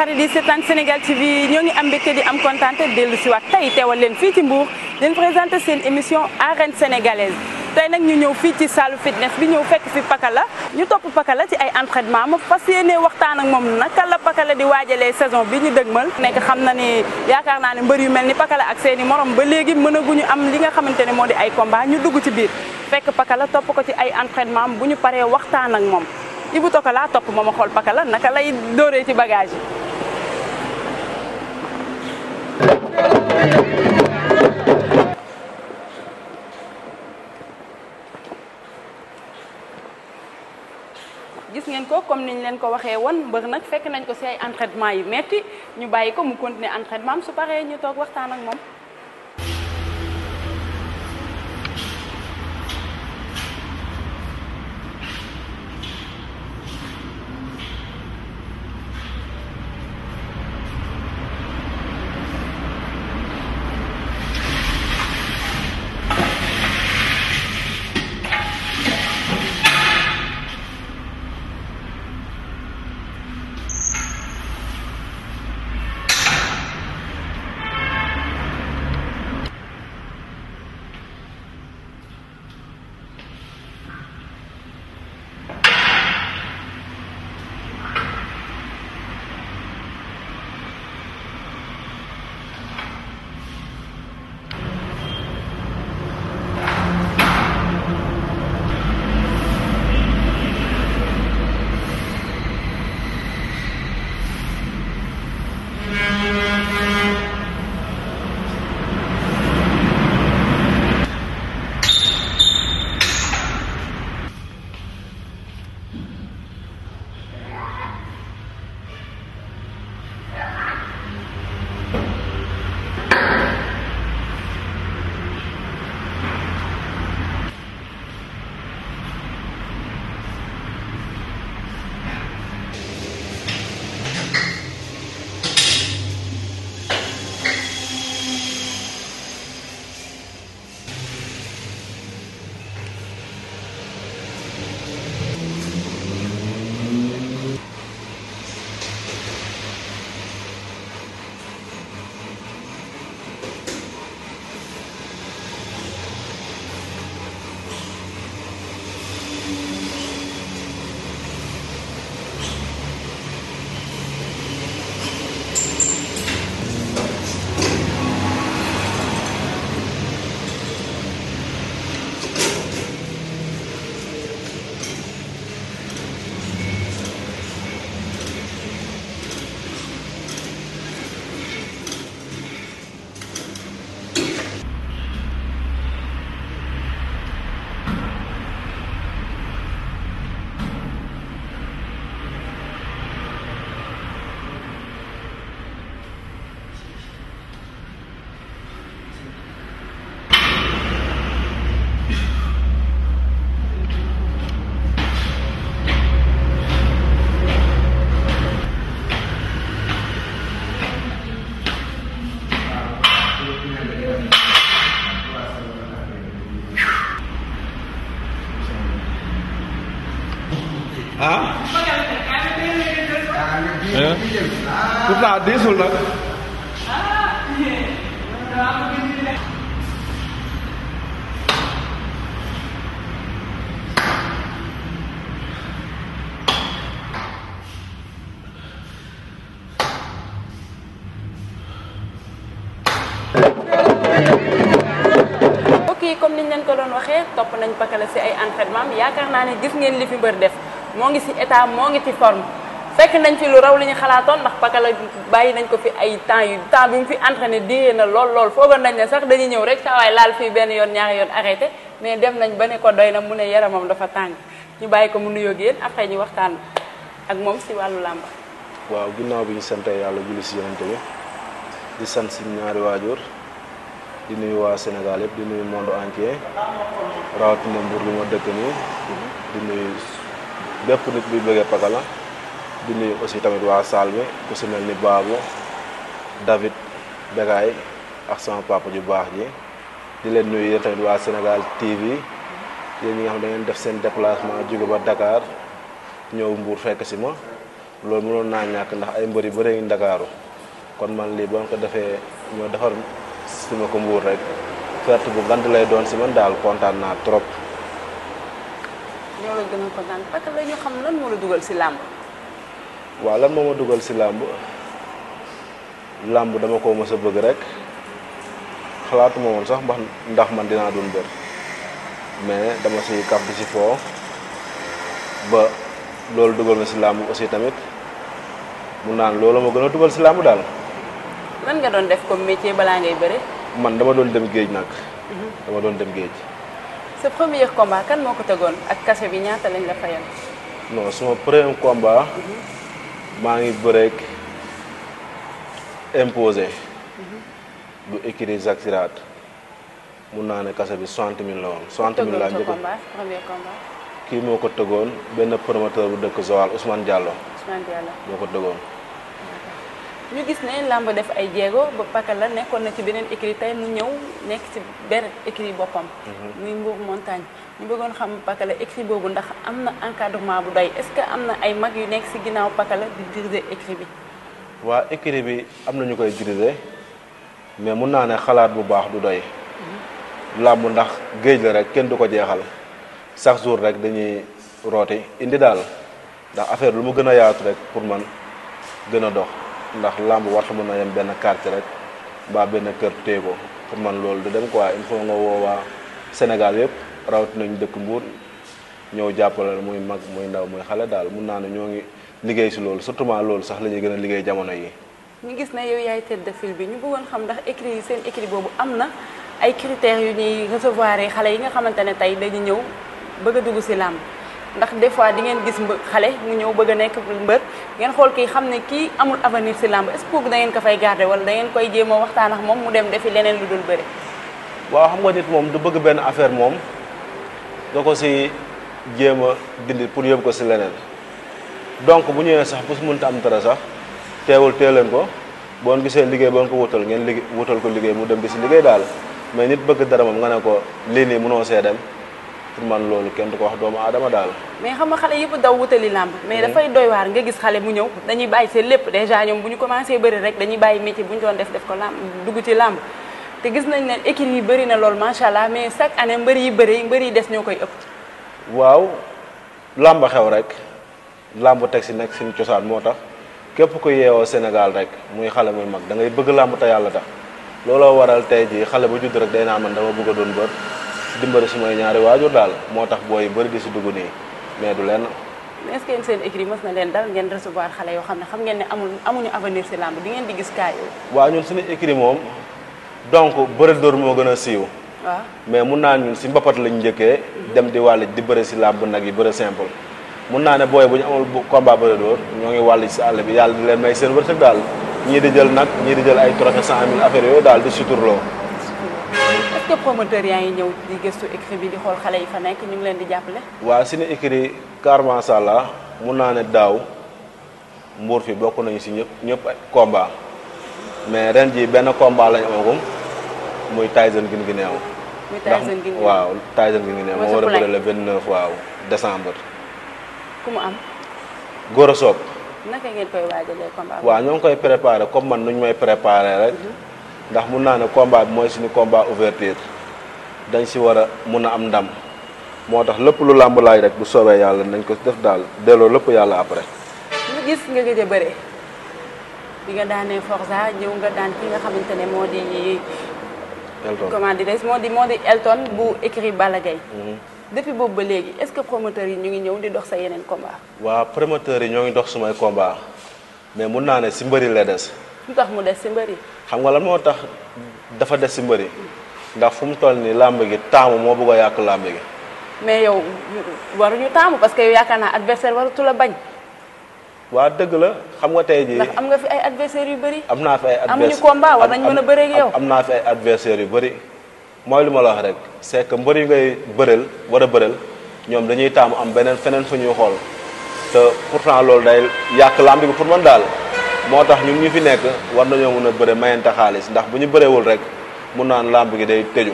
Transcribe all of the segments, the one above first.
xarit yi seetaan Sénégal TV ñoo ngi am mbégte di am kontaan te dellu si waat tey teewal leen fii ci Mbour leen présenté seen émission arène sénégalaise tey nag ñu ñëw fii ci salu fitness bi ñëw fekk fi la ñu topp la ci ay entraînement ma fas yéene waxtaan ak moom naka la Pakala di waajalee saison bi ñu dëgmal nekk xam na ni yaakaar naa ne mbër yu mel ni Pakala ak seen i morom ba léegi mënaguñu am li nga xamante ne moo di ay combat ñu dugg ci biir fekk Pakala topp ko ci ay entraînement bu ñu paree waxtaan ak moom Ibou Tokola topp ma ma xool Pakala naka lay dóoree ci bagage yi comme niñ leen ko waxee woon mbër nag fekk nañ ko ci entraitement yu yi metti ñu bàyyi ko mu continuer entraînement am su paree ñu toog waxtaan ak moom Oke, Ya. Itu tadi sudah. comme niñ leen ko doon waxee topp nañ pakala ay ya, entraînement ne gis ngeen li fi def mo ngi ci état mo ngi ci forme fekk nañ fi lu raw li ñu xalaatoon ndax Pakala bàyyi nañ ko fi ay temps yu temps bi mu fi entraîné diire na lool lool foogoon nañ ne sax dañuy ñëw rek saa laal fi benn yoon ñaari yoon arrêté mais dem nañ ba ne ko doy na mu ne yaramam dafa tàng ñu bàyyi ko mu nuyoo yéen après ñu waxtaan ak moom si wàllu làmb waaw ginnaaw bi ñu sante yàlla julli si yonante bi di sant si ñaari waajur di nuyu waa Sénégal yëpp di nuyu monde entier rawatina mbur li ma dëkk nii di nuyu bépp nit bi bëggé pakala di nuyu aussi tamit wa saal ku si melni babu David Begay ak sama papa ju baax ji di leen nuyu tamit wa senegal TV yeen ñi nga xam da ngeen def sen déplacement jóge ba Dakar ñew mbur fekk ci ma loolu mënon na ñak ndax ay mbeuri bëre ngi dakaru kon man li bon ko defee ñoo defar si ko mbur rek eh. fert bu gant lay doon ci man dal contane na trop ñoo la gën a parce que dañu xam lan la si làmb. waaw lan moo ma si làmb làmb dama ko mës bëgg rek xalaatuma woon sax mbax ndax man dinaa doon bër mais dama kaf ba loolu dugal ma si làmb aussi tamit mu naan loolu ma si làmb lan nga doon def comme métier balaa ngay bëre. man dama doon dem géej nak, mhm. dama doon dem géej. Ce premier combat, quand est-ce que tu as fait avec Kassevigna Fayal Non, ce premier combat, je suis break imposé. Je suis équipé de Zach Sirat. Je suis en train de 60 000 premier combat, ce premier combat. Qui m'a fait un promoteur de Kozoal, Ousmane Diallo. Ousmane Diallo. ñu gis ne làmb def ay jéego ba paka la nekkoon na ci beneen écrit tey mu ñëw nekk ci beneen écrit boppam. Mhm. muy Mbour montagne ñu bëggoon xam paka la écrit boobu ndax am na encadrement bu doy est-ce que am na ay mag yu nekk ci ginnaaw paka la di diriger écrit bi. waa écrit bi am na ñu koy diriger mais mun naa ne xalaat bu baax du doy. Mhm. làmb ndax géej la rek kenn du ko jeexal chaque jour rek dañuy rooti indi daal ndax affaire lu mu gën a yaatu rek pour man gën a dox. ndax làmb warta mën na yem benn quartier rek ba benn kër téye ko pour man loolu da dem ko quoi il faut nga woo waa Sénégal yëpp rawat nañ dëkk Mbour ñëw jàppale muy mag muy ndaw muy xale daal mun naa ne ñoo ngi liggéey si loolu surtout loolu sax la ñuy gën a liggéey jamono yi. ñu gis ne yow yaay tête de file bi ñu bëggoon xam ndax écrit yi seen écrit boobu am na ay critères yu ñuy yi xale yi nga xamante ne tey dañu ñëw bëgg a dugg si làmb. ndax des fois di ngeen gis mbë xale mu ñëw bëgg nekk mbër ngeen xool kii xam ne kii amul avenir si làmb est ce que da ngeen ko fay garder wala da ngeen koy jéem a waxtaan ak moom mu dem defi leneen lu dul bëre waaw xam nga nit moom du bëgg benn affaire moom nga ko si jéem a dindi pour yóbbu ko si leneen donc bu ñëwee sax bu mënta am dara sax teewul ko boon gisee liggéey boon ko wutal ngeen liggéey wutal ko liggéey mu dem di si liggéey daal mais nit bëgg dara moom nga ne ko lii nii mënoo dem pour man loolu kenn du ko wax doomu aadama daal. mais xam nga xale yëpp daw wutali làmb. mais dafay doy waar nga gis xale mu ñëw dañuy bàyyi seen lépp déjà ñoom bu ñu commencé bëri rek dañuy bàyyi métier bu ñu doon def def ko làmb dugg ci làmb. te gis nañ ne équipe yi bëri na lool macha allah mais chaque année mbër yi bëri mbër yi des ñoo koy ëpp. waaw làmb xew rek làmb teg si nekk suñu cosaan moo tax képp ku yeewoo Sénégal rek muy xale muy mag dangay ngay bëgg làmb te yàlla tax looloo waral tey jii xale bu judd rek day naa man dama bëgg doon bër dimbali sumay ñaari waajur daal moo tax booy bëri di si dugg nii mais du lenn. mais est-ce que yéen seen écrit mës na leen dal ngeen recevoir xale yoo xam ne xam ngeen ne amul amuñu avenir si làmb di ngeen di gis kaay waa waaw ñun suñu écrit moom donc bëri door moo gën a siiw. waaw mais mun naa ñun si mbapat lañ njëkkee. dem di wàll di bëri si làmb nag yi bëri simple. mun naa ne booy bu ñu amul combat bëri dóor ñoo ngi wàll si àll bi yàlla di leen may seen wërsëg daal ñii di jël nag ñii di jël ay trophée cent affaires yooyu daal di suturloo. que promoteur yaa ngi ñëw di gëstu écrit bi di xool xale yi fa nekk ñu ngi leen di jàppale. waaw suñu écrit car macha allah mun naa ne daaw mbuur fi bokk nañu si ñëpp ñëpp ay combat mais ren ji benn komba lañ amagum muy Tyson gin gineew. muy Tyson gin gineew waaw Tyson gin gineew moo war a bëre le 29 waaw décembre. ku mu am. Gora Sock. ñoo ngi koy préparé comme man nu ñu may préparé rek. Mhm. ndax mun naa ne combat bi mooy suñu combat ouverture dañ si war a mun a am ndam moo tax lépp lu làmb laaj rek bu soobee yàlla nañ ko def daal delloo lépp yàlla après. ñu gis nga gëj a bëre bi nga daanee Forza ñëw nga daan ki nga xamante moo di. Elton comment dire moo di Elton bu écrit Balla Gaye mhm. depuis boobu ba léegi est-ce que promoteurs yi ñu ngi ñëw di dox sa yeneen combat. waaw promoteurs yi ñoo ngi dox sumay combat mais mun naa ne si mbëri la des. lu tax mu des si mbër yi xam nga la moo tax dafa des si mbër yi ndax fu mu toll nii làmb gi taamu moo bëgg a yàq làmb gi. mais yow waruñu taamu parce que yaakaar naa adversaire waratu la bañ. waa dëgg la xam nga tey jii ndax am nga fi ay adversaires yu bëri. am naa fi ay adversaires amuñu a bëree am naa fi ay adversaires yu bëri mooy lu ma la wax rek c'est mbër yi ngay bëreel war a bëreel ñoom dañuy taamu am beneen feneen fu ñuy xool te pourtant loolu day yàq làmb gi pour man daal. moo tax ñu ñu fi nekk war nañoo mën a bëre mayante xaalis ndax bu ñu bërewul rek mun naan làmb gi day tëju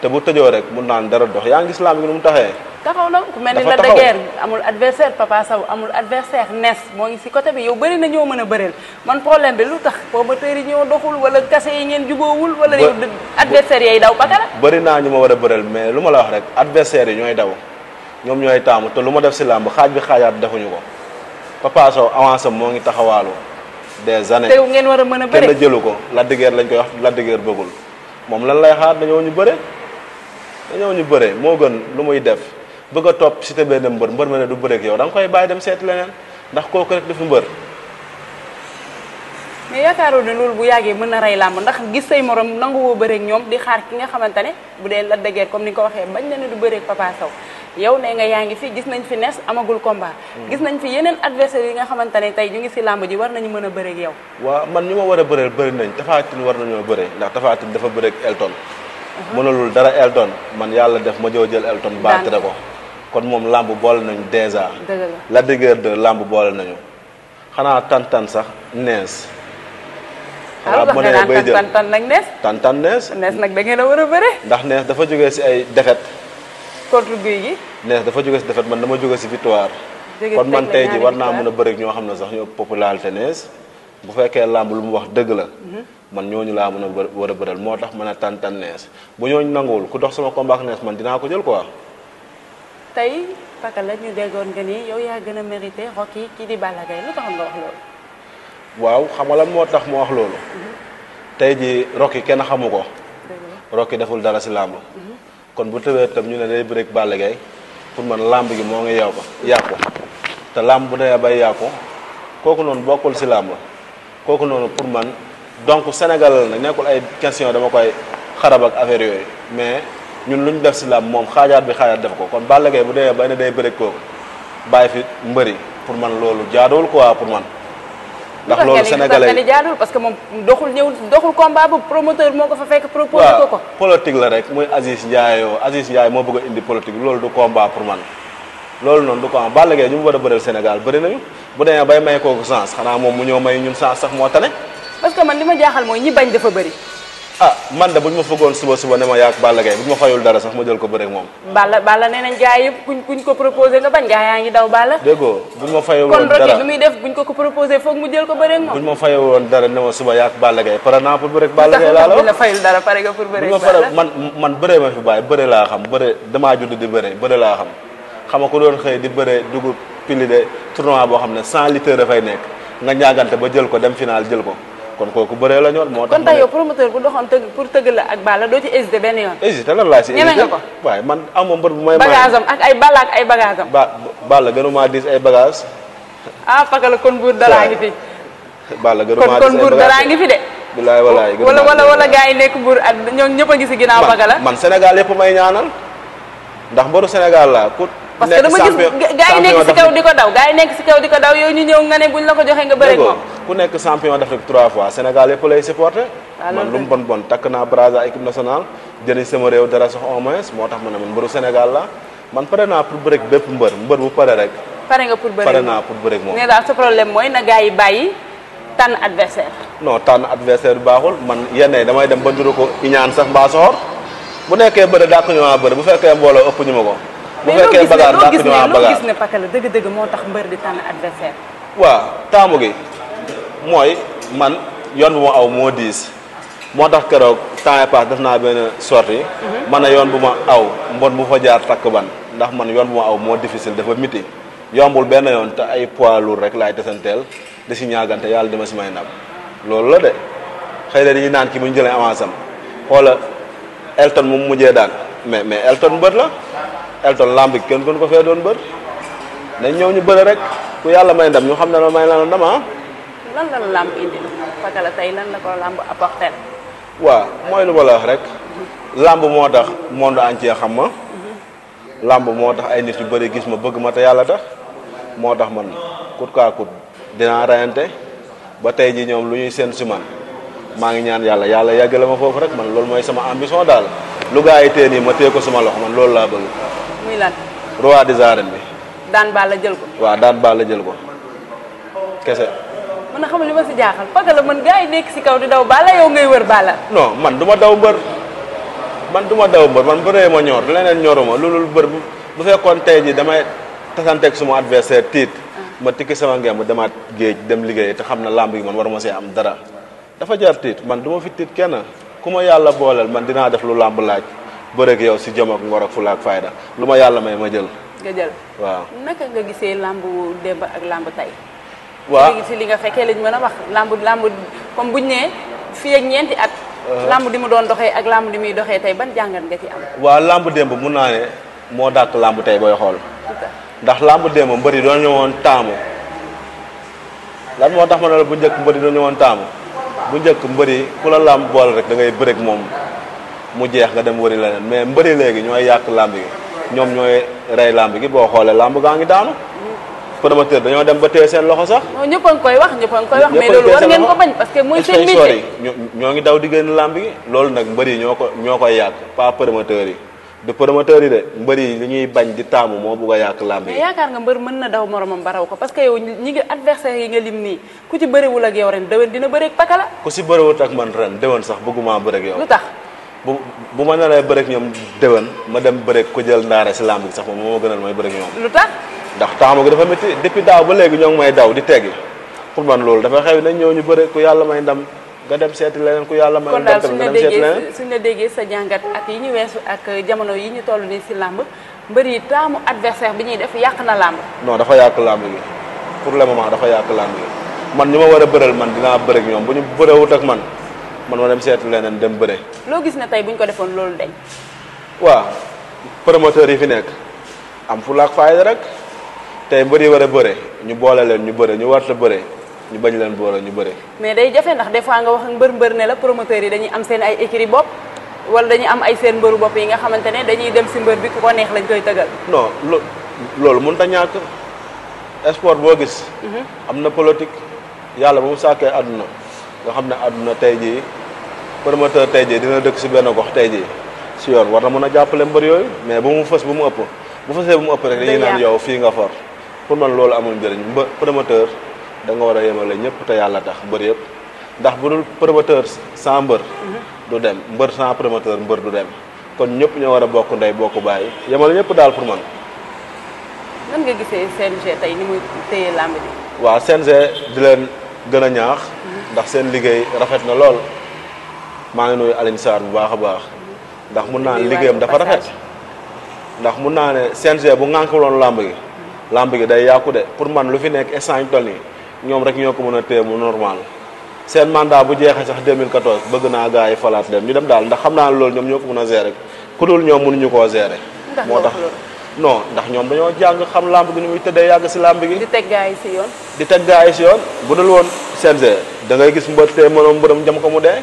te bu tëjoo rek mun naan dara dox yaa ngi gis làmb gi nu mu taxee. taxaw na ku mel ni la dëgër amul adversaire Papa Sow amul adversaire Nes moo ngi si côté bi yow bëri na ñoo mën a bëreel man problème bi lu tax promoteurs yi ñoo doxul wala kase yi ngeen juboowul wala yow adversaire yay daw bakala bëri naa ñu ma war a bëreel mais lu ma la wax rek adversaires yi ñooy daw ñoom ñooy taamu te lu ma def si làmb xaaj bi xaajaat defuñu ko Papa Sow moo ngi taxawaalu des années te ngeen war a mën a bëre kenn jëlu ko Lac de lañ koy wax Lac de Guiers bëggul moom lan lay xaar dañoo ñu bëre dañoo ñu bëre moo gën lu muy def bëgg a topp si tebee dem mbër mbër ma ne du bëre ak yow da nga koy bàyyi dem seet leneen ndax kooku rek dafa mbër mais yaakaaroo ne loolu bu yàggee mën na rey làmb ndax gis say morom nanguwoo bëre ak ñoom di xaar ki nga xamante ne bu dee Lac de comme ni nga ko waxee bañ na ne du bëre ak yow nee nga yaa ngi fi gis nañ fi nes amagul combat. Mm. gis nañ fi yeneen adversaire yi nga xamante ne tey ñu ngi si làmb ji war nañu mën a bëreeg yow. waa man ñu ma war a bëreel bëri nañ Tapha war nañoo bëre ndax Tapha Tine dafa bëreeg Elton. Uh-huh. mënalul dara Elton man yàlla def ma joo jël Elton. baatare ko kon moom làmb boole nañu dèjà. la dëgër de làmb boole nañu. xanaa tantan sax nees. ah wax nga naan tantan nag nees. tantan nees. nees nag da ngeen a war a bëre. ndax nees dafa jóge si ay defet contre guy gi nees dafa jóge si défaite man dama jóge si victoire kon man tey ji war naa mën a bëri ñoo xam ne sax ñoo popularité nees bu fekkee làmb lu mu wax dëgg la mhm. man ñooñu laa mën a bëral moo tax mën nees bu ñooñu nanguwul ku dox sama combat nees man dinaa ko jël quoi tey paka la ñu déggoon nga ni yow yaa gën mérité Rocky kii di Balla lu tax nga wax loolu waaw xam nga lan moo tax mu wax loolu mhm. tey ji Rocky kenn xamu Rocky deful dara si làmb mhm. kon bu tëbee tam ñu ne day bëreek Balla Gaye pour man làmb gi moo ngi yow ko yàqu te làmb bu dee bay yàqu kooku noonu bokkul si làmb kooku noonu pour man donc Sénégal la nag nekkul ay question dama koy xarab ak affaire yooyu mais ñun lu ñu def si làmb moom xaajaat bi xaajaat def ko kon Balla Gaye bu dee bay ne day bëreeg kooku bàyyi fi mbëri pour man loolu ko waa pour man. ndax loolu sénégalais yi jaadul parce que moom doxul ñëwul doxul combat bu promoteur moo ko fa fekk proposé ko ko politique la rek muy Aziz Ndiaye yoo Aziz moo bëgg a indi politique loolu du combat pour man loolu noonu du ko am Balla ñu mu war a Sénégal bëri nañu bu demee bay may kooku chance xanaa moom mu ñëw may ñun chance sax moo tane parce que man li ma jaaxal mooy ñi bañ dafa bëri ah man de bu ñu ma fëggoon suba suba ne ma yaak Balla Gaye bu ñu ma fayul dara sax ma jël ko bëre ak moom Balla Balla nee nañ gars yëpp kuñ kuñ ko proposé nga bañ gars yaa ngi daw Balla déggoo bu ñu ma fayul woon dara kon lu muy def buñ ko ko proposé foog mu jël ko bëre ak moom bu ñu ma fayul woon dara ne ma suba yaak Balla Gaye pare naa pour bëre ak Balla Gaye laa la la fayul dara pare nga pour man man bëre ma fi bàyyi bëre laa xam bëre damaa judd di bëre bëre laa xam xama ko doon xëy di bëre dugub pili de tournoi boo xam ne cent litres dafay nekk nga ñaagante ba jël ko dem final jël ko kon koku beure la ñor motax kon tey yow promoteur bu doxon teug pour tëgg la ak bala do ci hésité ben yoon hésité lan la ci ñeme nga ko waaye man amu mbeur bu may bagage bagagem ak ay bala ak ay bagagem am ba Balla gënumaa dis ay bagages ah pakala kon bu dara ngi fi Balla gënumaa dis kon bu dara ngi fi de billahi wallahi wala wala wala gaay nek bur ak ñoo ñëpp a ngi si bagala man Sénégal yëpp may ñaanal ndax mbaru Sénégal la ku parce que dama gis gars yi nekk si kaw di ko daw gars yi ini si kaw di ko daw yooyu ñu ñëw nga ne buñ la ko joxee nga bëri moom ku nekk champion d'Afrique trois fois Sénégal yëpp lay supporter man lu mu bon bon takk naa Brazza équipe nationale jëriñ sama réew dara sax au moins moo tax man mbëru Sénégal la man pare iya naa pour bëreeg bépp mbër mbër bu pare rek pare nga pour bëreeg pare naa pour bëreeg moom ne daal sa problème mooy na gars yi bàyyi tànn adversaire non tànn adversaire baaxul man yenn damay dem ba duru ko iñaan sax mbaa soxor bu nekkee bëre dàq ñu maa bëre bu fekkee mbooloo ëpp ñu ma bu fekkee bagaar dàq ñu ma bagaar gis ne pakala dëgg moo tax mbër di waaw taamu gi mooy man yoon bu ma aw moo diis moo tax keroog temps pass def naa benn sortie mhm. man na yoon bu ma aw mbon bu fa jaar takk ban ndax man yoon bu ma aw moo difficile dafa miti yombul benn yoon te ay poids lourd rek laay desanteel di si ñaagante yàlla dima si may nab loolu la de xëy na dañuy naan ki bu ñu jëlee avance am xoola Elton moom mujjee daan mais mais Elton mbër la Elton lamb ken kon ko fee doon bër dañ ñew ñu bëre rek ku yalla may ndam ñu xam ne la may la ndam ha ah. lan la lamb indi fakala tay lan la ko lamb apporter. wa moy lu wala wax rek lamb moo tax monde entier xam ma lamb moo tax ay nit yu bëri gis ma bëgg ma ta yalla tax moo tax man kut ka kut dina rayante ba tay ji ñom lu ñuy sen si man ma ngi ñaan yalla yàlla yàggale ma rek man lool moy sama ambition dal lu gaay yi tee ma téye ko sama loxo man lool la bëgg muy lan. roi des arènes bi. daan Balla jël ko. waaw daan Balla jël ko kese. man xam li ma si jaaxal parce que man gars yi nekk si kaw di daw Balla yow ngay wër Balla. non man du ma daw mbër man du ma daw mbër man bëree ma ñor leneen ñoruma loolu bër bu fekkoon tey jii damay tasanteeg suma adversaire tiit. Ah. ma tikki sama ngeen mu demaat géej dem liggéey te xam na yi man waruma see am dara dafa jar tiit man du fi tiit kenn ku ma yàlla man dinaa def lu làmb laaj bërek yow si jëm ak ngor ak fulak fayda luma yalla may ma jël. nga jël waaw. naka nga gisee lamb demb ak lamb tay waaw léegi si li nga fekkee lañ mëna wax lamb lamb comme buñ né fi ak ñenti at. Euh. lamb di mu doon doxé ak lamb di mi doxé tay ban jangal nga ci am. waaw lamb demb mu naa ne moo dàq lamb tay boy xol ndax lamb demb mbeuri do ñëwoon taamu. lan mo tax mo la bu jëk mbeuri do ñëwoon taamu. bu jëk mbeuri kula lamb bol rek da ngay bërek mom mu jeex nga dem wëri leneen mais mbëri léegi ñooy yàq lamb gi ñoom ñooy rey lamb gi boo xoolee lamb gaa ngi daanu promoteur dañoo dem ba téye seen loxo sax ñëpp a ngi koy wax ñëpp a ngi koy wax mais loolu war ngeen ko bañ parce que muy seen métier ñoo ngi daw di génn lamb gi loolu nag mbëri ñoo ko ñoo koy yàq pas promoteur yi du promoteur yi de mbër li ñuy bañ di taamu moo bugg a yàq lamb yi yaakaar nga mbër mën na daw moromam baraw ko parce que yow ñi ngi adversaire yi nga lim nii ku ci bëriwul ak yow ren déwén dina bëri ak pakala ku si bëriwul ak man ren déwén sax bëgguma bëri ak yow lu tax bu bu ma naree bëreeg ñoom déwén ma dem bëreeg ko jël ndaare si lamb gi sax moom moo ma gënal may bëreeg ñoom. lu tax ndax taxamu gi dafa métti depuis daaw ba léegi ñoo ngi may daw di teggi pour man loolu dafa xew nañ ñoo ñu bëreeg ku yàlla may ndam nga dem seeti leneen ku yàlla may. ndam nga dem seeti leneen kon daal déggee sa jàngat ak yi ñu weesu ak jamono yi ñu toll nii si làmb mbër yi taamu adversaire bi ñuy def yàq na lamb. non dafa yàq lamb gi pour le moment dafa yàq lamb gi man ñu ma war a bëral man dinaa bëreeg ñoom bu ñu bërewut ak man man ma dem seetu leneen dem bëre. loo gis ne tey bu ñu ko defoon loolu dañ. waaw promoteurs yi fi nekk am fu laak fayda rek tey mbër yi war a bëre ñu boole leen ñu bëre ñu war a bëre ñu bañ leen boole ñu bëre. mais day jafe ndax des fois nga wax ak mbër mbër ne la promoteurs yi dañuy am seen ay écrit bopp wala dañuy am ay seen mbëru bopp yi nga xamante ne dañuy dem si mbër bi ku ko neex lañ koy tëgal. non lo loolu mun a ñàkk sport boo gis. Mhm. am na politique yàlla bu mu àdduna promoteur tey jii dina dëkk ci benn gox tey jii si yoon war na mëna jappalé jàppale mbër yooyu mais bu mu fess bu mu ëpp bu fessé bu mu ëpp rek dañuy naan yow fi nga for pour man loolu amul jëriñ ba promoteur da nga wara a ñëpp te yalla tax mbër yëpp ndax bu dul promoteur sans mbër du dem mbër sans promoteur mbër du dem kon ñëpp ñoo wara bokk nday bokk bay yemale ñëpp daal pour man nan nga gisé CNG tay ni muy téye lambi wa CNG di leen gëna ñaax mm-hmm. ndax seen liggéey rafet na lool maa ngi nuyu Alioune Sarr bu baax a baax ndax mun naa ne liggéeyam dafa rafet ndax mun naa ne CNG bu ŋànkaloon làmb gi làmb gi day yàqu de pour man lu fi nekk instant ñu toll ñoom rek ñoo ko mën a téye mu normal seen mandat bu jeexee sax 2014 bëgg naa gars yi falaat dem ñu dem daal ndax xam naa loolu ñoom ñoo ko mën a gérer ku dul ñoom mënuñu koo geere moo tax no ndax ñoom dañoo jàng xam làmb gi nu muy day yàgg si làmb gi. di teg gaa yi si yoon. di teg gars yi si yoon bu dul woon CNG da mbër tee mënoon ko mu dee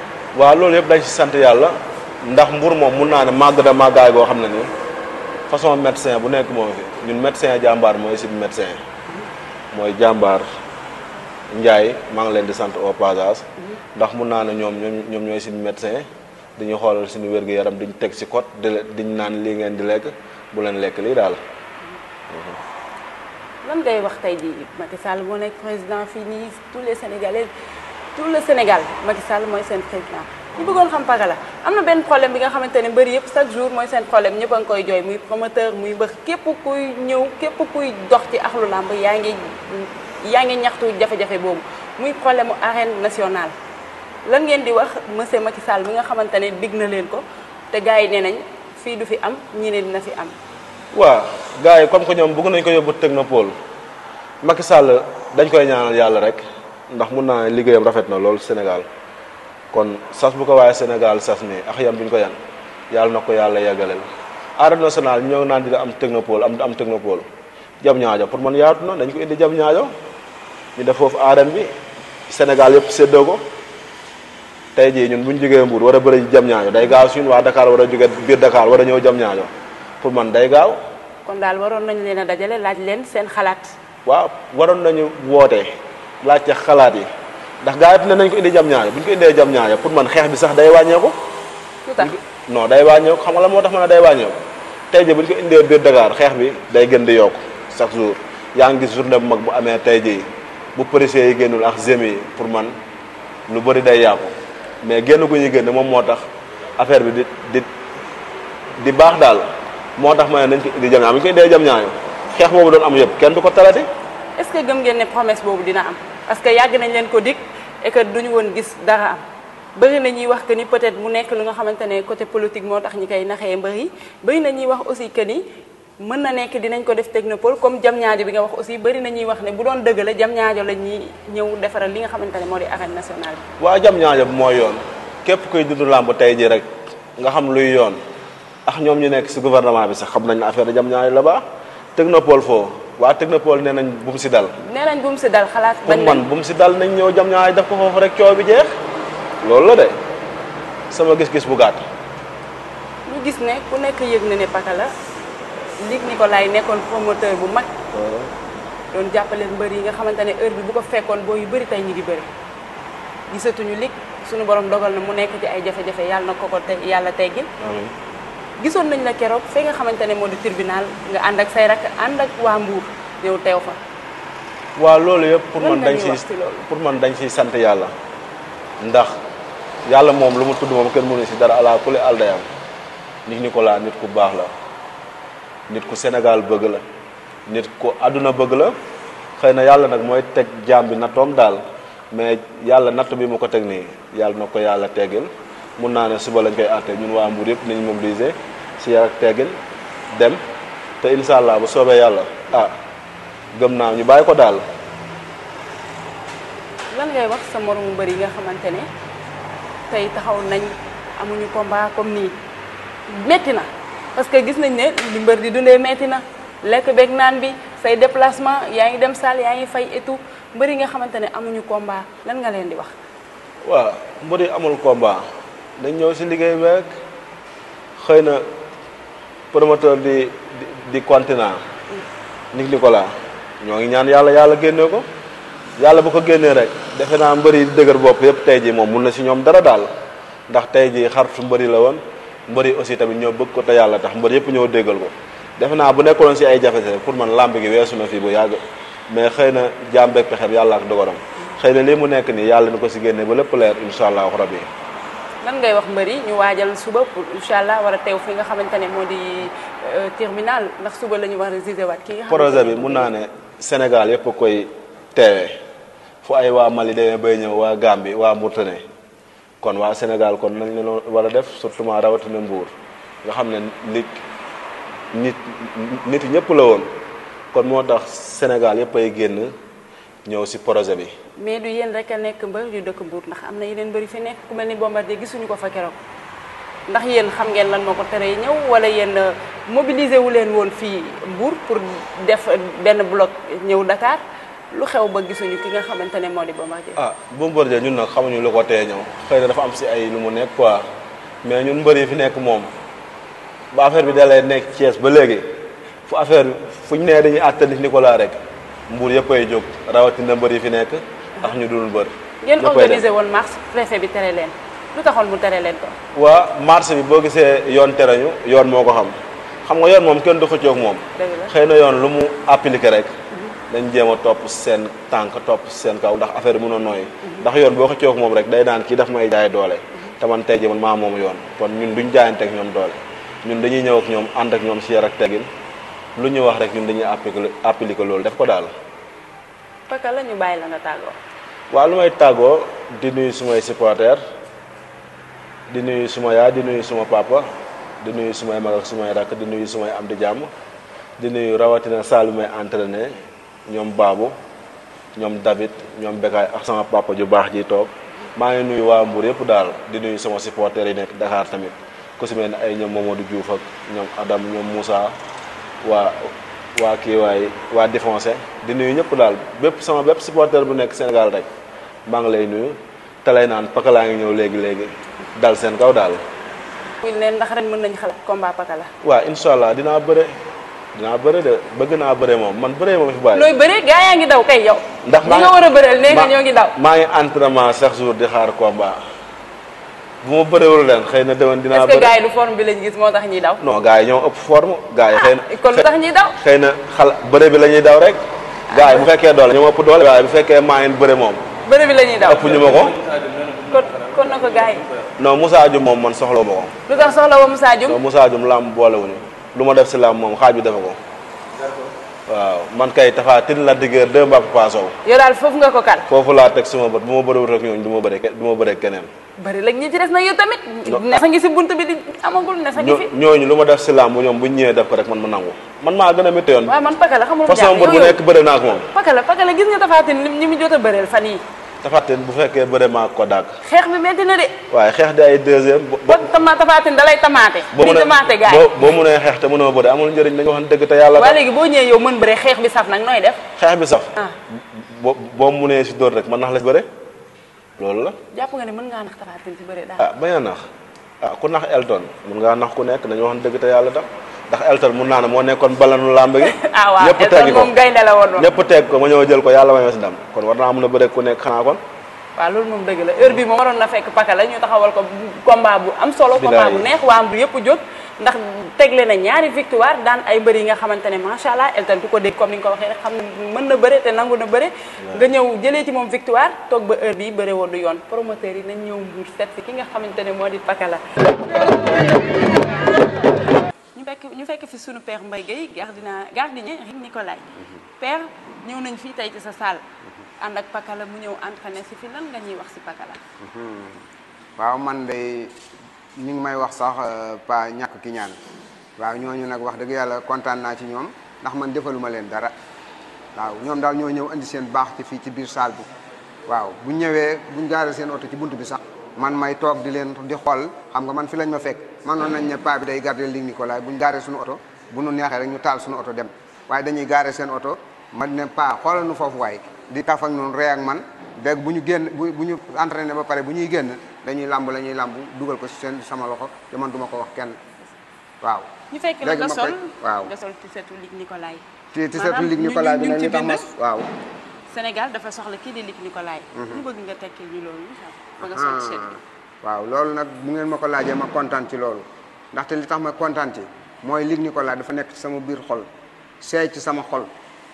waaw loolu yëpp dañ ci sant yàlla ndax Mbour moom mun naa ne màgg da màggaay goo xam ne nii façon médecin bu nekk moo fi ñun médecin jàmbaar mooy sib médecin mooy jàmbaar Ndiaye maa ngi leen di sant au passage ndax mun naa ne ñoom ñoom ñooy sib médecin diñu xoolal suñu wér-gu-yaram diñ teg ci cot di diñ naan lii ngeen di lekk bu leen lekk lii daal lan ngay wax tey jii Macky Sall moo nekk président fii nii tous les Sénégalais tout le Sénégal Macky Sall mooy seen président ñu bëggoon xam la am na benn problème bi nga xamante ne mbëri yëpp chaque jour mooy seen problème ñëpp a ngi koy jooy muy promoteur muy mbër képp kuy ñëw képp kuy dox ci axlu làmb yaa ngi yaa ngi ñaxtu jafe-jafe boobu muy problème mu arène nationale. lan ngeen di wax monsieur Macky Sall bi nga xamante ne digg na leen ko te gars yi nee nañ fii du fi am ñi ne dina fi am. waaw gars yi comme que ñoom bëgg nañ ko yóbbu technopole Macky Sall dañ koy ñaanal yàlla rek. ndax mun naa liggéeyam rafet na lool Sénégal kon sas bu ko waaye Sénégal sas ni ak yam ñu ko yan yàlla na ko yàlla yeggaleel arène nationale ñoo naan dina am technopole am am technopole jam ñaajo pour man yaatu na dañ ko indi jam ñaajo ñu def foofu arène bi Sénégal yëpp séddoo ko tey jii ñun bu ñu jógee Mbour war a bëri jam ñaajo day gaaw suñu waa Dakar war a jóge biir Dakar war a jam ñaajo pour man day gaaw. kon daal waroon nañu leen a dajale laaj leen seen xalaat. waaw waroon nañu woote. laajte xalaat yi ndax gaa yëpp ne nañ ko indi jam ñaayo bu ñu ko indee jam ñaayo pour man xeex bi sax day wàññeeku non day wàññeeku xam nga la moo tax ma day wàññeeku tey jii bu ñu ko indee biir Dakar xeex bi day gën di yokku chaque jour yaa ngi gis journée bu mag bu amee tey jii bu policiers yi génnul ak pour man lu bëri day yàqu mais génn gu ñuy génn moom moo tax affaire bi di di di baax daal moo tax ma ne nañ ko indi jam ñaayo bu ñu ko indee xeex boobu doon am yëpp kenn du ko talati est ce que gëm ngeen ne promesse boobu dina am parce que yàgg nañ leen ko dig et duñu woon gis dara am bëri na ñuy wax que ni peut-être mu nekk lu nga xamante ne côté politique moo tax ñi koy naxee mbër yi bëri na ñuy wax aussi que ni mën na nekk dinañ ko def technopole comme jam ñaajo bi nga wax aussi bëri nañuy wax ne bu doon dëgg la jam ñaajo la ñuy ñëw defaral li nga xamante ne moo di arène nationale bi waaw jam ñaajo bu mooy yoon képp koy dund làmb tey ji rek nga xam luy yoon ak ñoom ñu nekk si gouvernement bi sax xam nañ ne affaire jam ñaajo la baax technopole foo waa technopole nee nañ bu mu si dal. nee nañ bu mu si dal xalaat. bañ man bu mu si dal nañ ñëw jam ñaay def ko foofu rek coow bi jeex loolu la de sama gis-gis bu gàtt. ñu gis ne ku nekk yëg na ne Paka ni Luc Nicolaï nekkoon promoteur bu mag. doon jàppale mbër yi nga xamante ne heure bi bu ko fekkoon boo yu bëri tey ñu ngi bëri gisatuñu Luc suñu boroom dogal na mu nekk ci ay jafe-jafe yàlla na ko ko te yàlla teggil. gisoon nañ la kérok fee nga xamantene mo moo di tribunal nga and ak say rak and ak wa Mbour ñëw teew fa. wa lolu yëpp pour man dañ ci pour man dañ ci sante yalla ndax yalla mom luma tuddu mom kenn mënu ci dara ala kule aldayam nit la nit ku bax la nit ku Sénégal bëgg la nit ku aduna bëgg la xeyna yalla nak moy tek jambi na tom dal mais yalla natt bi mu ko tek ni yalla nako yalla yàlla mun naa ne suba lañ koy àtte ñun waa mbur yëpp nañ mobiliser si yar teggin dem te incha allah bu soobee yàlla ah gëm naa ñu bàyyi ko daal. lan ngay wax sa morom mbër yi nga xamante ne tey taxaw nañ amuñu combat comme nii metti na parce que gis nañ ne li mbër di dundee metti na lekk beeg naan bi say déplacement yaa ngi dem salle yaa ngi fay et tout mbëri nga xamante amuñu combat lan nga leen di wax. waaw mbëri amul combat. dañ ñëw si liggéey beeg xëy na promoteur di di di continent. ko laa ñoo ngi ñaan yàlla yàlla génnee ko yàlla bu ko génnee rek defe naa mbëri dëgër bopp yëpp tey jii moom mun na si ñoom dara daal ndax tey jii xaritu mbëri la woon mbëri aussi tamit ñoo bëgg ko te yàlla tax mbëri yëpp ñëw déggal ko. defe naa bu nekkoon si ay jafe-jafe pour man làmb gi weesu na fii bu yàgg mais xëy na jàmbeeg pexeem yàlla ak dogaram mm. xëy na lii mu nekk nii yàlla na ko si génne ba lépp leer incha allahu rabi. nan ngay wax mbëri ñu waajal suba pour incha allah war a teew fii nga xamante ne moo di euh, terminal ndax suba la ñu war a gisewaat ki nga projet bi mun naa ne Sénégal yëpp a koy teewee fu ay waa Mali demee bay ñëw waa bi waa Mauritanie kon waa Sénégal kon nañ leen war a def surtout ma rawatina Mbour nga xam ne li nit nit ñëpp la woon kon moo tax Sénégal yëpp ay génn ñëw si projet bi. mais du yéen rek a nekk mbari yu dëkk Mbour ndax am na yeneen mbër yu fi nekk ku mel ni Bombardier gisuñu ko fa keroog ndax yéen xam ngeen lan moo ko teree ñëw wala yenn euh, mobiliser wu leen woon fii Mbour pour def benn bloc ñëw Dakar lu xew ba gisuñu ki nga xamante ne moo di Bombardier. ah Bombardier ñun nag xamuñu lu ko tee ñëw xëy dafa am si ay lu mu nekk quoi mais ñun mbër yi fi nekk moom ba affaire bi dalee nekk Thiès ba léegi fu affaire fu ñu nee dañuy àttandi Nicolas rek Mbour yëpp ay jóg rawatina mbër yi fi nekk. ndax ñu dul bër. ngeen organisé woon marche préfet bi tere leen lu taxoon mu tere leen ko. waa marche bi boo gisee yoon tere ñu yoon moo ko xam xam nga yoon moom kenn du xëccoog moom. xëy na yoon lu mu appliqué rek. Mhm. dañ jéem a topp seen tànk topp seen kaw ndax affaire bi mën a nooy mhm. ndax yoon boo ko cook moom rek day daan kii daf may jaay doole. Mhm. te man tey jii man maa moom yoon kon ñun duñ jaayante ak ñoom doole ñun dañuy ñëw ak ñoom ànd ak ñoom si yar ak teggin lu ñu wax rek ñun dañuy appliqué appliqué loolu def ko daal. walu may tago di nuyu suma supporter di nuyu suma ya di nuyu suma papa di nuyu suma mag ak suma rak di nuyu suma am di jàmm di nuyu rawati na salu may entraîner ñom babu ñom david ñom bekay ak sama papa ju bax ji tok ma ngi nuyu wa mbur yëpp dal di nuyu suma supporter yi nek dakar tamit ku si mel ay ñoom diouf ak ñom adam ñom moussa wa wa ki way wa défoncer di nuyu ñëpp dal bép sama bép supporter bu nek sénégal rek maa lay nuyu té lay nan pakala nga ñew légui légui dal sen kaw daal. buñ leen ndax ren mën nañ xalat combat pakala. wa inshallah dina dinaa dina dinaa de bëgg na bëre mom man bëre mom fi bàyyi. loy bëre gaay nga ngi daw kay yow. ndax ma nga wara a bëreel nee nga ñoo ngi daw. ma ngi entraînement chaque jour di xaar combat bu ma bëreewul leen xëy na demoon dinaa bëre est ce que gars du forme bi lañ gis mo tax ñi daw. non gaay ñoo ëpp forme. gaay xeyna ah, ko lu tax ñi daw. xeyna xal xala bi lañuy daw rek. Ah. gaay bu fekke doole ñoo ëpp doole. gaay bu fekke maayen ngi mom bëre bi la ñuy daw ëpp ñu ma ko. kon kon na ko gars yi. non Moussa moom man soxla ma ko. lu tax soxla woo Moussa Dioum. non Moussa Dioum làmb boolewuñu lu ma def si làmb moom xaaj bi dafa ko. waaw man kay Tapha Tine la dëgër deux mbaa Papa Sow. yow daal foofu nga ko kal foofu laa teg suma bët bu ma bëriwul rek ñooñu du ma bëri keneen. bari lañ ñu ci des na yow tamit nessa ngi ci buntu bi di amagul nessa ngi fi ñooñu luma def ci lamb ñoom bu ñëwé def ko rek man ma nangu man ma gëna metti yoon man pakala xamul mu jaar bu nekk bëre na ak mom pakala pakala gis nga tafatin ñi mi jota bëreel fan yi tafatin bu fekkee bëre ma ko dag xeex bi metti na de waaye xeex di ay deuxième ba tama tafatin dalay tamaté ni tamaté gaay bo mu ne xeex te mëno bëre amul dëgg te yow bëre bi saf def xeex bi saf ah. bo mu ne ci door rek man nax la bëre loolu la. jàpp nga ne mën ngaa nax Tapha ci bëre daal. ah bañ a nax ah ku nax Elton mën ngaa nax ku nekk nañu wax dëgg te yàlla tax ndax Elton mun naa ne moo nekkoon balanu làmb gi. ah waaw Elton moom gaynde la woon ñëpp teg ko ma ñëw jël ko yàlla may ma si dam kon war naa mën a bëre ku nekk xanaa kon. waaw loolu moom dëgg la heure bi moom waroon na fekk paka la ñu taxawal ko combat bu am solo. combat bu neex waa am du yëpp jóg ndax tegle na ñaari victoire dan ay bëri nga xamantene ma sha allah Elton ku ko dégg comme ni ko waxé rek xam mëna na bëre te nangu nga ñëw jëlé ci mom victoire tok ba heure bi bëré wo du yoon promoteur yi na ñëw mbuur set ki nga xamantene modi di Pakala. ñu fekk ñu fekk fi suñu père mbay gay gardien gardien Rick Nicolai mhm. père ñëw nañ fi tay ci sa salle and mhm. ak Pakala mu ñëw entraîner ci fi lan nga ñuy wax ci Pakala. Mhm. waaw man day ñu ngi may wax sax euh, pa ñàkk ki ñaan waaw ñooñu nag wax dëgg yàlla kontaan naa ci ñoom ndax man defaluma leen dara waaw ñoom daal ñoo ñëw indi seen baax ci fii ci biir salle bi waaw bu ñëwee buñ gaaree seen oto ci bunt bi sax man may toog di leen di xool xam nga man fi lañ ma fekk manoon nañ ne paa bi day garder ligne Nicolas buñ gaaree suñu oto bu nu neexee rek ñu taal suñu oto dem waaye dañuy gaaree seen oto ma ne paa xoolal nu foofu waay di taf ak noonu man dégg bu ñu génn bu ñu entraîné ba pare bu ñuy génn dañuy làmb lañuy làmb dugal ko si seen sama loxo te man duma ko wax kenn waaw. ñu fekk la nga sol waaw nga sol tisetu Luc Nicolaï. ñu ñu ñu ci benn waaw. Sénégal dafa soxla kii di Luc Nicolaï. Mhm. Ah, loolu. nag mu ngeen ma ko laajee ma kontaan ci loolu ndaxte li tax ma kontaan ci mooy Luc Nicolaï dafa nekk ci sama biir xol seey ci sama xol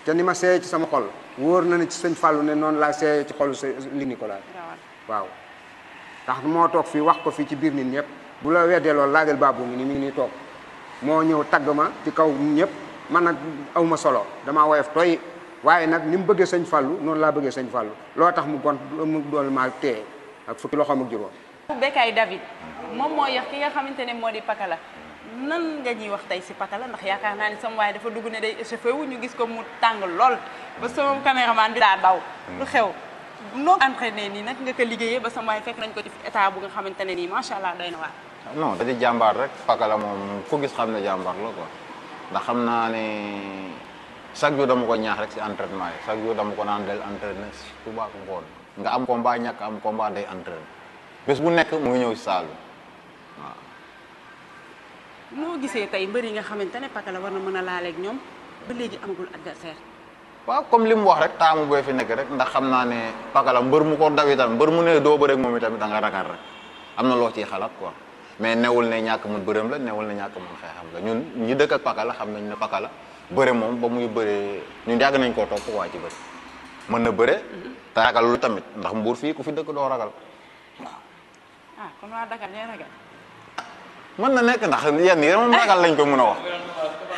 te ni ma seeyee ci sama xol wóor na ne ci sëñ Fallou ne noonu laa seeyee ci xolu Luc Nicolaï waaw. ndax moo toog fii wax ko fii ci biir nit ñëpp bu la weddee loolu laajal baabu ngi ni mi ngi ni toog moo ñëw tagg ma ci kaw ñëpp man nag awma solo damaa woyof toy waaye nag ni mu bëggee sëñ fallu noonu laa bëggee sëñ Fallou loo tax mu gont mu doon maa téye ak fukki loxoom ak juróom. Bécaye David moom moo yéex ki nga xamante ne moo di Pakala nan nga ñuy wax tey si Pakala ndax yaakaar naa ni sama waaye dafa dugg ne day échauffé wu ñu gis ko mu tàng lool ba sama caméraman bi daa xew. noo entraîné nii nag nga ko liggéeyee ba sama fekk nañ ko ci état bu nga xamante ne nii macha allah doy na waar. non da di jàmbaar rek pakala moom ku gis xam ne jàmbaar la quoi ndax xam naa ne chaque jour dama ko ñaax rek si entraînement yi chaque jour dama ko naan del entraîné su baax ngoon nga am combat ñàkk am combat day entraîné bés bu nekk mu ngi ñëw si saalu waaw. gisee tey mbër nga xamante ne war na mën a laaleeg ba léegi amagul adversaire waaw comme lim wax rek taamu boy fi nek rek ndax xamna ne pakala mbeur mu ko dawi tam mbeur mu ne doo bëreeg moom itam da nga ragal rek amna lo ci xalat quoi mais newul ne ñak mu bërëm la newul ne mu xex xam nga ñun ñi dekk ak pakala xam nañ ne pakala beure mom ba muy beure ñun yag nañ ko top quoi ci beure mën na bëre mhm. te lu tamit ndax mbuur fi ku fi dekk do ragal ah comme la Dakar ñooy ragal mën na nek ndax yenn yi eh, ragal lañ ko mëna wax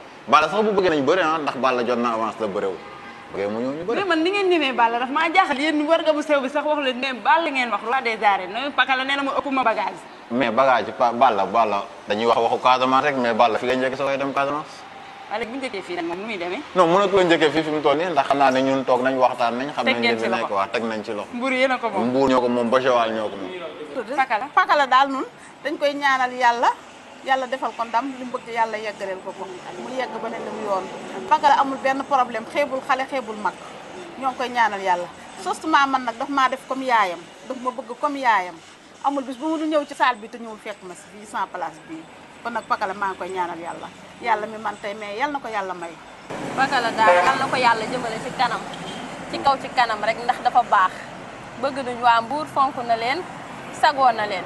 Balla sax bu bëggee nañ bëri ah ndax Balla jot na avance la bërew bëggee mu ñëw ñu bëri. mais man ni ngeen ñemee Balla maa jaaxal yéen war nga bu sew bi sax wax leen ne ngeen wax roi des arènes nooy paka la nee ëpp ma bagage. mais bagage pa Balla Balla wax waxu Casamance rek mais Balla fi nga soo koy dem Casamance. wala bu njëkkee fii fi mu toll nii ndax xam naa ne ñun toog nañ waxtaan nañ. xam nañ li nekk nañ ci loxo. mbuur yéen a ko ko moom ba nun dañ koy ñaanal yàlla yàlla defal ko ndam lu mu bëgg yàlla yeggaleel ko ko mu yegg ba ne li mu yoon Fagala amul benn problème xeebul xale xeebul mag ñoo ngi koy ñaanal yàlla sostement man nag daf maa def comme yaayam daf ma bëgg comme yaayam amul bis bu mu ñëw ci salle bi te ñëwul fekk ma si fii sans place bii kon maa ngi koy ñaanal yàlla yàlla mi man tey mais yal na ko yàlla may Pakala daal yal na ko kanam ci kaw ci kanam rek ndax dafa baax bëgg nañu waa Mbour fonk na leen sagoo na leen